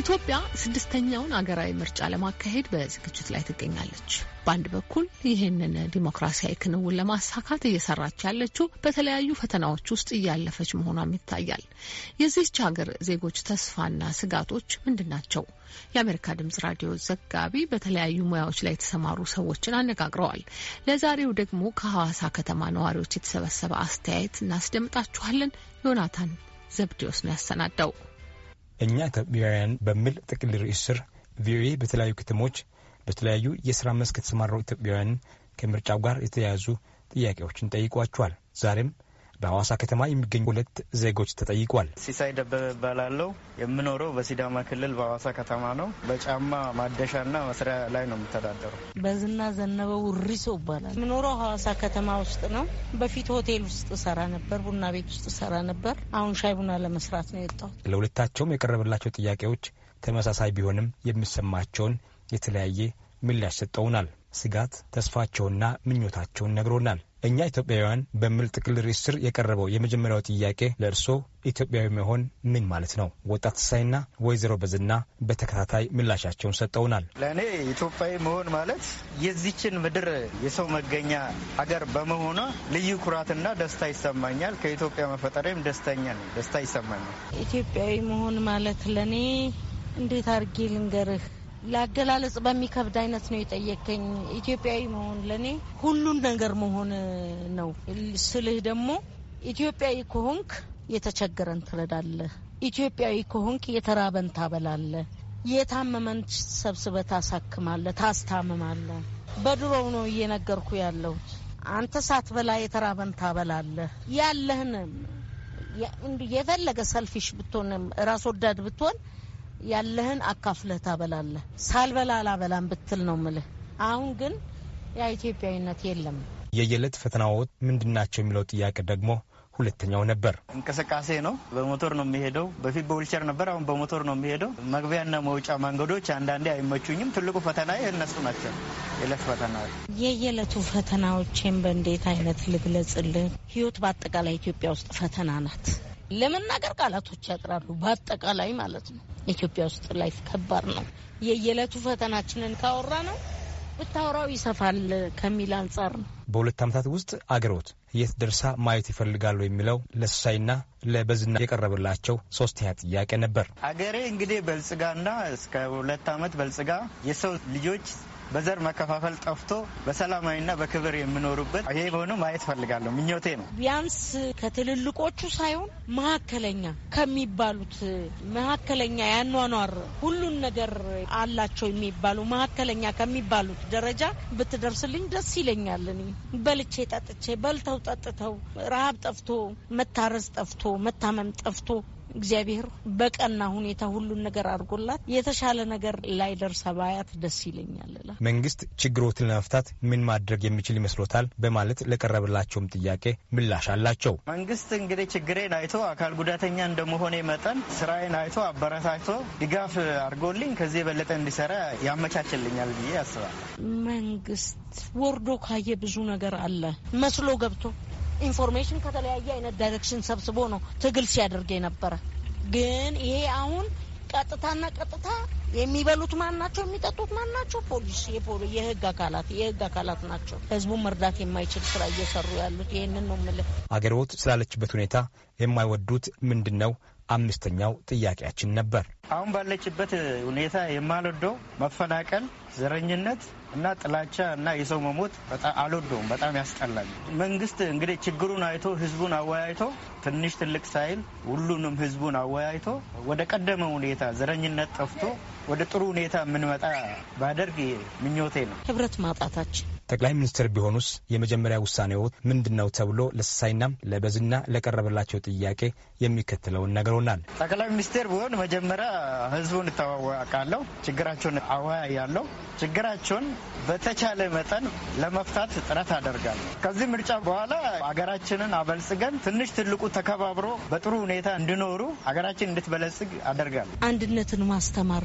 ኢትዮጵያ ስድስተኛውን አገራዊ ምርጫ ለማካሄድ በዝግጅት ላይ ትገኛለች። በአንድ በኩል ይህንን ዲሞክራሲያዊ ክንውን ለማሳካት እየሰራች ያለችው በተለያዩ ፈተናዎች ውስጥ እያለፈች መሆኗም ይታያል። የዚህች ሀገር ዜጎች ተስፋና ስጋቶች ምንድን ናቸው? የአሜሪካ ድምጽ ራዲዮ ዘጋቢ በተለያዩ ሙያዎች ላይ የተሰማሩ ሰዎችን አነጋግረዋል። ለዛሬው ደግሞ ከሐዋሳ ከተማ ነዋሪዎች የተሰበሰበ አስተያየት እናስደምጣችኋለን። ዮናታን ዘብዴዎስ ነው ያሰናዳው። እኛ ኢትዮጵያውያን በሚል ጥቅል ርዕስ ስር ቪኦኤ በተለያዩ ከተሞች በተለያዩ የስራ መስክ የተሰማሩ ኢትዮጵያውያን ከምርጫው ጋር የተያያዙ ጥያቄዎችን ጠይቋቸዋል። ዛሬም በሐዋሳ ከተማ የሚገኙ ሁለት ዜጎች ተጠይቋል። ሲሳይ ደበበ እባላለሁ። የምኖረው በሲዳማ ክልል በሐዋሳ ከተማ ነው። በጫማ ማደሻና መስሪያ ላይ ነው የምተዳደረው። በዝና ዘነበው ውሪሶ ይባላል። የምኖረው ሐዋሳ ከተማ ውስጥ ነው። በፊት ሆቴል ውስጥ ሰራ ነበር፣ ቡና ቤት ውስጥ ሰራ ነበር። አሁን ሻይ ቡና ለመስራት ነው የወጣሁት። ለሁለታቸውም የቀረበላቸው ጥያቄዎች ተመሳሳይ ቢሆንም የሚሰማቸውን የተለያየ ምላሽ ሰጠውናል። ስጋት ተስፋቸውና ምኞታቸውን ነግሮናል። እኛ ኢትዮጵያውያን በሚል ጥቅል ርዕስ ስር የቀረበው የመጀመሪያው ጥያቄ ለእርስዎ ኢትዮጵያዊ መሆን ምን ማለት ነው? ወጣት ሳይና ወይዘሮ በዝና በተከታታይ ምላሻቸውን ሰጠውናል። ለእኔ ኢትዮጵያዊ መሆን ማለት የዚችን ምድር የሰው መገኛ ሀገር በመሆኗ ልዩ ኩራትና ደስታ ይሰማኛል። ከኢትዮጵያ መፈጠሬም ደስተኛ ነኝ። ደስታ ይሰማኛል። ኢትዮጵያዊ መሆን ማለት ለእኔ እንዴት አድርጌ ልንገርህ ለአገላለጽ በሚከብድ አይነት ነው የጠየከኝ። ኢትዮጵያዊ መሆን ለእኔ ሁሉን ነገር መሆን ነው ስልህ ደግሞ ኢትዮጵያዊ ከሆንክ የተቸገረን ትረዳለህ። ኢትዮጵያዊ ከሆንክ የተራበን ታበላለህ። የታመመን ሰብስበህ ታሳክማለህ፣ ታስታምማለህ። በድሮው ነው እየነገርኩ ያለው። አንተ ሳትበላ የተራበን ታበላለህ። ያለህን የፈለገ ሰልፊሽ ብትሆን ራስ ወዳድ ብትሆን ያለህን አካፍለህ ታበላለህ። ሳልበላ አላበላም ብትል ነው ምልህ። አሁን ግን ያ ኢትዮጵያዊነት የለም። የየዕለት ፈተናዎች ምንድን ናቸው የሚለው ጥያቄ ደግሞ ሁለተኛው ነበር። እንቅስቃሴ ነው። በሞቶር ነው የሚሄደው። በፊት በዊልቸር ነበር፣ አሁን በሞቶር ነው የሚሄደው። መግቢያና መውጫ መንገዶች አንዳንዴ አይመቹኝም። ትልቁ ፈተና እነሱ ናቸው። የዕለት ፈተናዎች የየዕለቱ ፈተናዎችን በእንዴት አይነት ልግለጽልህ? ህይወት በአጠቃላይ ኢትዮጵያ ውስጥ ፈተና ናት። ለመናገር ቃላቶች ያጥራሉ። በአጠቃላይ ማለት ነው። ኢትዮጵያ ውስጥ ላይፍ ከባድ ነው። የየዕለቱ ፈተናችንን ካወራ ነው ብታወራው ይሰፋል ከሚል አንጻር ነው። በሁለት ዓመታት ውስጥ አገሮት የት ደርሳ ማየት ይፈልጋሉ የሚለው ለሱሳይና ለበዝና የቀረበላቸው ሶስተኛ ጥያቄ ነበር። አገሬ እንግዲህ በልጽጋና እስከ ሁለት ዓመት በልጽጋ የሰው ልጆች በዘር መከፋፈል ጠፍቶ በሰላማዊና በክብር የምኖሩበት ይሄ በሆኑ ማየት ፈልጋለሁ። ምኞቴ ነው። ቢያንስ ከትልልቆቹ ሳይሆን መካከለኛ ከሚባሉት መካከለኛ ያኗኗር ሁሉን ነገር አላቸው የሚባሉ መካከለኛ ከሚባሉት ደረጃ ብትደርስልኝ ደስ ይለኛል። እኔ በልቼ ጠጥቼ በልተው ጠጥተው ረሀብ ጠፍቶ መታረስ ጠፍቶ መታመም ጠፍቶ እግዚአብሔር በቀና ሁኔታ ሁሉን ነገር አድርጎላት የተሻለ ነገር ላይ ደርሰ ባያት ደስ ይለኛል። መንግስት ችግሮትን ለመፍታት ምን ማድረግ የሚችል ይመስሎታል? በማለት ለቀረበላቸውም ጥያቄ ምላሽ አላቸው። መንግስት እንግዲህ ችግሬን አይቶ አካል ጉዳተኛ እንደመሆኔ መጠን ስራዬን አይቶ አበረታቶ ድጋፍ አድርጎልኝ ከዚህ የበለጠ እንዲሰራ ያመቻችልኛል ብዬ ያስባል። መንግስት ወርዶ ካየ ብዙ ነገር አለ መስሎ ገብቶ ኢንፎርሜሽን ከተለያየ አይነት ዳይሬክሽን ሰብስቦ ነው ትግል ሲያደርግ የነበረ። ግን ይሄ አሁን ቀጥታና ቀጥታ የሚበሉት ማን ናቸው? የሚጠጡት ማን ናቸው? ፖሊስ፣ የህግ አካላት የህግ አካላት ናቸው። ህዝቡን መርዳት የማይችል ስራ እየሰሩ ያሉት ይህንን ነው የምልህ። አገሮት ስላለችበት ሁኔታ የማይወዱት ምንድን ነው? አምስተኛው ጥያቄያችን ነበር። አሁን ባለችበት ሁኔታ የማልወደው መፈናቀል፣ ዘረኝነት እና ጥላቻ እና የሰው መሞት በጣም አልወደውም። በጣም ያስጠላል። መንግስት እንግዲህ ችግሩን አይቶ ህዝቡን አወያይቶ ትንሽ ትልቅ ሳይል ሁሉንም ህዝቡን አወያይቶ ወደ ቀደመ ሁኔታ ዘረኝነት ጠፍቶ ወደ ጥሩ ሁኔታ የምንመጣ ባደርግ ምኞቴ ነው። ህብረት ማጣታችን ጠቅላይ ሚኒስትር ቢሆኑስ የመጀመሪያ ውሳኔው ምንድን ነው ተብሎ ለሳይና ለበዝና ለቀረበላቸው ጥያቄ የሚከተለውን ነገሩናል። ጠቅላይ ሚኒስትር ቢሆን መጀመሪያ ህዝቡን እተዋወቃለሁ፣ ችግራቸውን አወያያለሁ፣ ችግራቸውን በተቻለ መጠን ለመፍታት ጥረት አደርጋለሁ። ከዚህ ምርጫ በኋላ አገራችንን አበልጽገን ትንሽ ትልቁ ተከባብሮ በጥሩ ሁኔታ እንዲኖሩ አገራችን እንድትበለጽግ አደርጋለሁ። አንድነትን ማስተማር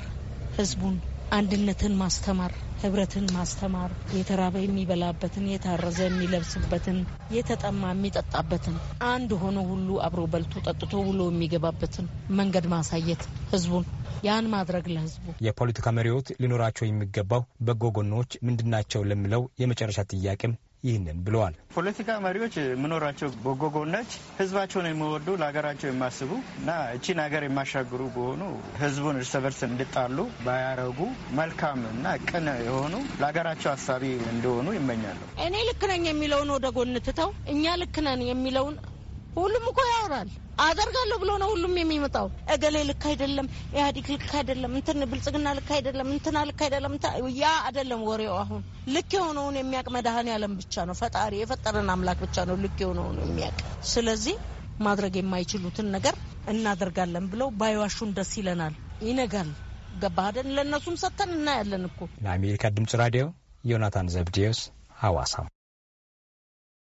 ህዝቡን አንድነትን ማስተማር፣ ህብረትን ማስተማር፣ የተራበ የሚበላበትን፣ የታረዘ የሚለብስበትን፣ የተጠማ የሚጠጣበትን፣ አንድ ሆኖ ሁሉ አብሮ በልቶ ጠጥቶ ውሎ የሚገባበትን መንገድ ማሳየት ህዝቡን ያን ማድረግ ለህዝቡ የፖለቲካ መሪዎች ሊኖራቸው የሚገባው በጎ ጎኖች ምንድናቸው ለሚለው የመጨረሻ ጥያቄም ይህንን ብለዋል። ፖለቲካ መሪዎች የምኖራቸው በጎ ህዝባቸውን የሚወዱ ለሀገራቸው የማስቡ እና እቺን ሀገር የማሻግሩ በሆኑ ህዝቡን እርስ በርስ እንድጣሉ ባያረጉ መልካም እና ቅን የሆኑ ለሀገራቸው አሳቢ እንደሆኑ ይመኛሉ እኔ ልክ ነኝ የሚለውን ወደ ጎን ትተው እኛ ልክ ነን የሚለውን ሁሉም እኮ ያወራል። አደርጋለሁ ብሎ ነው ሁሉም የሚመጣው። እገሌ ልክ አይደለም፣ ኢህአዲግ ልክ አይደለም፣ እንትን ብልጽግና ልክ አይደለም፣ እንትና ልክ አይደለም። ያ አይደለም ወሬው። አሁን ልክ የሆነውን የሚያውቅ መድኃኔዓለም ብቻ ነው ፈጣሪ የፈጠረን አምላክ ብቻ ነው ልክ የሆነውን የሚያውቅ። ስለዚህ ማድረግ የማይችሉትን ነገር እናደርጋለን ብለው ባይዋሹን ደስ ይለናል። ይነጋል። ገባህ አይደል? ለእነሱም ሰጥተን እናያለን እኮ። ለአሜሪካ ድምጽ ራዲዮ ዮናታን ዘብዲዮስ ሐዋሳም